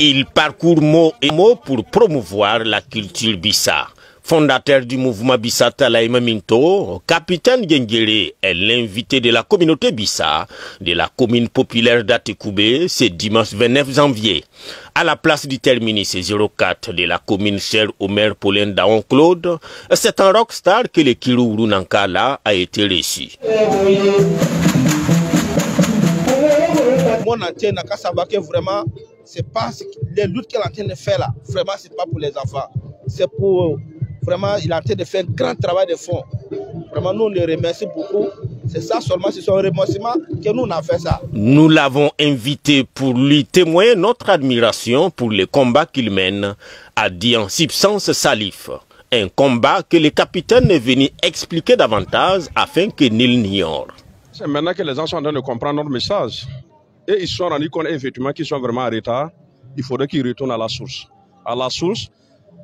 Il parcourt mot et mot pour promouvoir la culture Bissa. Fondateur du mouvement Bissa Talaïma Minto, Capitaine Gengele est l'invité de la communauté Bissa de la commune populaire d'Atekoubé ce dimanche 29 janvier. À la place du terminus 04 de la commune chère au maire Pauline Daon-Claude, c'est un rockstar que le Kiruru Nankala a été reçu. Mon vraiment c'est pas les luttes qu'elle est en train de faire là, vraiment, c'est pas pour les enfants. C'est pour vraiment, il est en train de faire un grand travail de fond. Vraiment, nous, on le remercie beaucoup. C'est ça seulement, c'est son remerciement que nous, on a fait ça. Nous l'avons invité pour lui témoigner notre admiration pour les combats qu'il mène, a dit en substance Salif. Un combat que le capitaine est venu expliquer davantage afin que nul n'ignore. C'est maintenant que les gens sont en train comprendre notre message. Et ils sont rendus compte effectivement qu'ils sont vraiment en retard. Il faudrait qu'ils retournent à la source. À la source,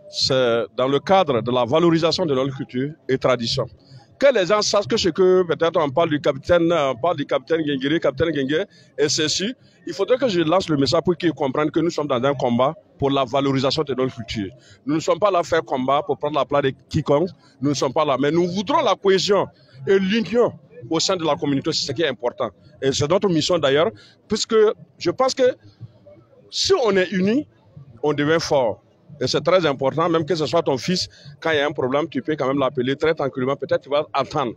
c'est dans le cadre de la valorisation de notre culture et tradition. Que les gens sachent que ce que peut-être on parle du capitaine, on parle du capitaine Gengiri, capitaine Gengé, et ceci, il faudrait que je lance le message pour qu'ils comprennent que nous sommes dans un combat pour la valorisation de notre culture. Nous ne sommes pas là faire combat pour prendre la place de quiconque. Nous ne sommes pas là. Mais nous voudrons la cohésion et l'union au sein de la communauté, c'est ce qui est important. Et c'est notre mission d'ailleurs, puisque je pense que si on est unis, on devient fort. Et c'est très important, même que ce soit ton fils, quand il y a un problème, tu peux quand même l'appeler très tranquillement. Peut-être tu vas attendre.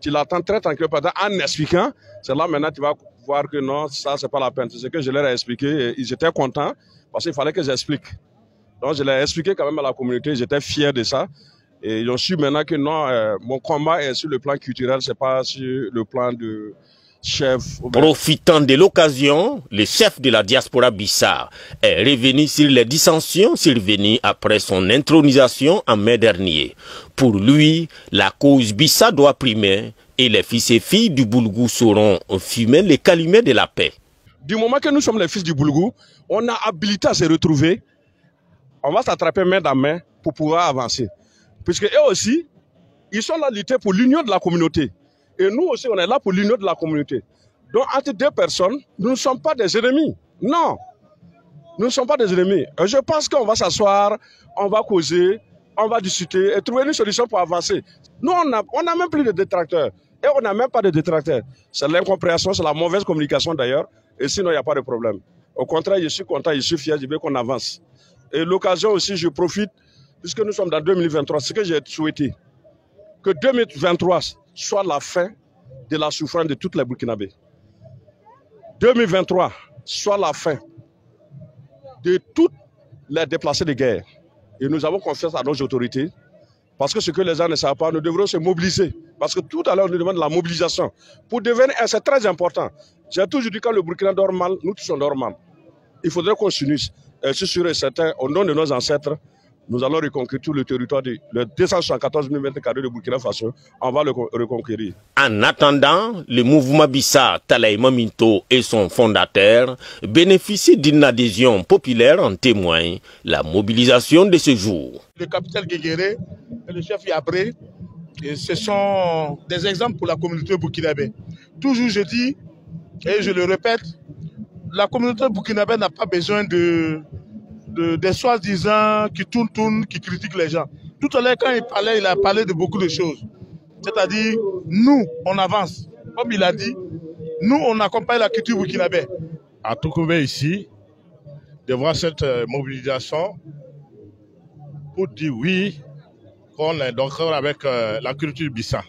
Tu l'attends très tranquillement en expliquant. C'est là maintenant tu vas voir que non, ça, c'est pas la peine. C'est ce que je leur ai expliqué. ils étaient contents parce qu'il fallait que j'explique. Donc, je l'ai expliqué quand même à la communauté. J'étais fier de ça. Et je suis maintenant que non, euh, mon combat est sur le plan culturel, c'est pas sur le plan de chef. Profitant de l'occasion, le chef de la diaspora Bissa est revenu sur les dissensions survenues après son intronisation en mai dernier. Pour lui, la cause Bissa doit primer et les fils et filles du Boulgou seront fumer les calumets de la paix. Du moment que nous sommes les fils du Boulgou, on a habilité à se retrouver. On va s'attraper main dans main pour pouvoir avancer. Puisque eux aussi, ils sont là lutter pour l'union de la communauté. Et nous aussi, on est là pour l'union de la communauté. Donc, entre deux personnes, nous ne sommes pas des ennemis. Non. Nous ne sommes pas des ennemis. je pense qu'on va s'asseoir, on va causer, on va discuter et trouver une solution pour avancer. Nous, on n'a on a même plus de détracteurs. Et on n'a même pas de détracteurs. C'est l'incompréhension, c'est la mauvaise communication d'ailleurs. Et sinon, il n'y a pas de problème. Au contraire, je suis content, je suis fier, je veux qu'on avance. Et l'occasion aussi, je profite puisque nous sommes dans 2023, ce que j'ai souhaité, que 2023 soit la fin de la souffrance de toutes les Burkinabés. 2023 soit la fin de toutes les déplacés de guerre. Et nous avons confiance à nos autorités, parce que ce que les gens ne savent pas, nous devrons se mobiliser. Parce que tout à l'heure, nous demande la mobilisation. Pour devenir, c'est très important. J'ai toujours dit quand le Burkina dort mal, nous tous sommes mal. Il faudrait qu'on s'unisse. Et c'est sûr et certain, au nom de nos ancêtres, nous allons reconquérir tout le territoire de le 214 m de Burkina Faso. On va le reconquérir. En attendant, le mouvement Bissa Talaï Maminto et son fondateur bénéficient d'une adhésion populaire en témoigne la mobilisation de ce jour. Le capital Guéguéré et le chef Yabré, ce sont des exemples pour la communauté burkinabé. Toujours je dis, et je le répète, la communauté burkinabé n'a pas besoin de des soi-disant qui tournent, tournent, qui critiquent les gens. Tout à l'heure, quand il parlait, il a parlé de beaucoup de choses. C'est-à-dire, nous, on avance. Comme il a dit, nous, on accompagne la culture burkinabé. À couvert ici, de voir cette euh, mobilisation pour dire oui, qu'on est d'accord avec euh, la culture Bissa.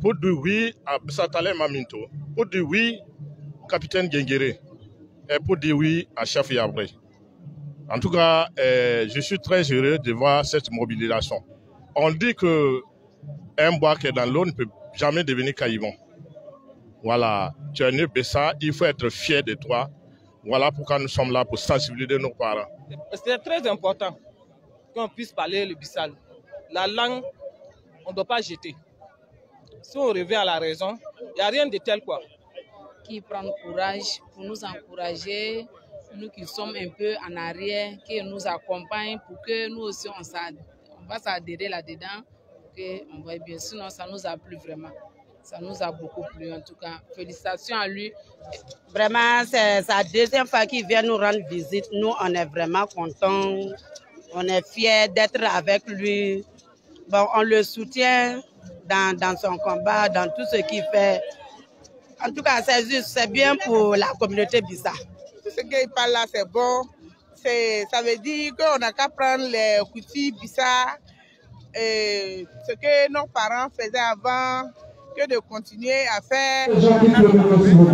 Pour dire oui à Satale Maminto. Pour dire oui au capitaine Gengere. Et pour dire oui à Chef Yabré. En tout cas, euh, je suis très heureux de voir cette mobilisation. On dit que un bois qui est dans l'eau ne peut jamais devenir caïmon. Voilà, tu es né Bessa, il faut être fier de toi. Voilà pourquoi nous sommes là pour sensibiliser nos parents. C'est très important qu'on puisse parler le Bissal. La langue, on ne doit pas jeter. Si on revient à la raison, il n'y a rien de tel quoi. Qui prend courage pour nous encourager, nous qui sommes un peu en arrière, qui nous accompagnent pour que nous aussi on, va s'adhérer là-dedans, qu'on voit bien. Sinon, ça nous a plu vraiment. Ça nous a beaucoup plu en tout cas. Félicitations à lui. Vraiment, c'est sa deuxième fois qu'il vient nous rendre visite. Nous, on est vraiment contents. On est fiers d'être avec lui. Bon, on le soutient dans, dans son combat, dans tout ce qu'il fait. En tout cas, c'est juste, c'est bien pour la communauté bizarre ce qu'il parle là, c'est bon. Ça veut dire qu'on n'a qu'à prendre les outils ça et ce que nos parents faisaient avant de continuer à faire.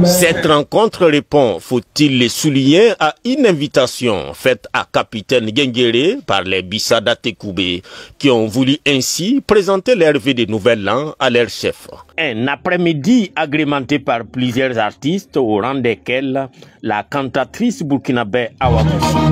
Cette rencontre répond, faut-il les souligner, à une invitation faite à Capitaine Gengere par les Bissada Tekoubé, qui ont voulu ainsi présenter l'Hervé des Nouvel An à leur chef. Un après-midi agrémenté par plusieurs artistes, au rang desquels la cantatrice burkinabé Awakusu.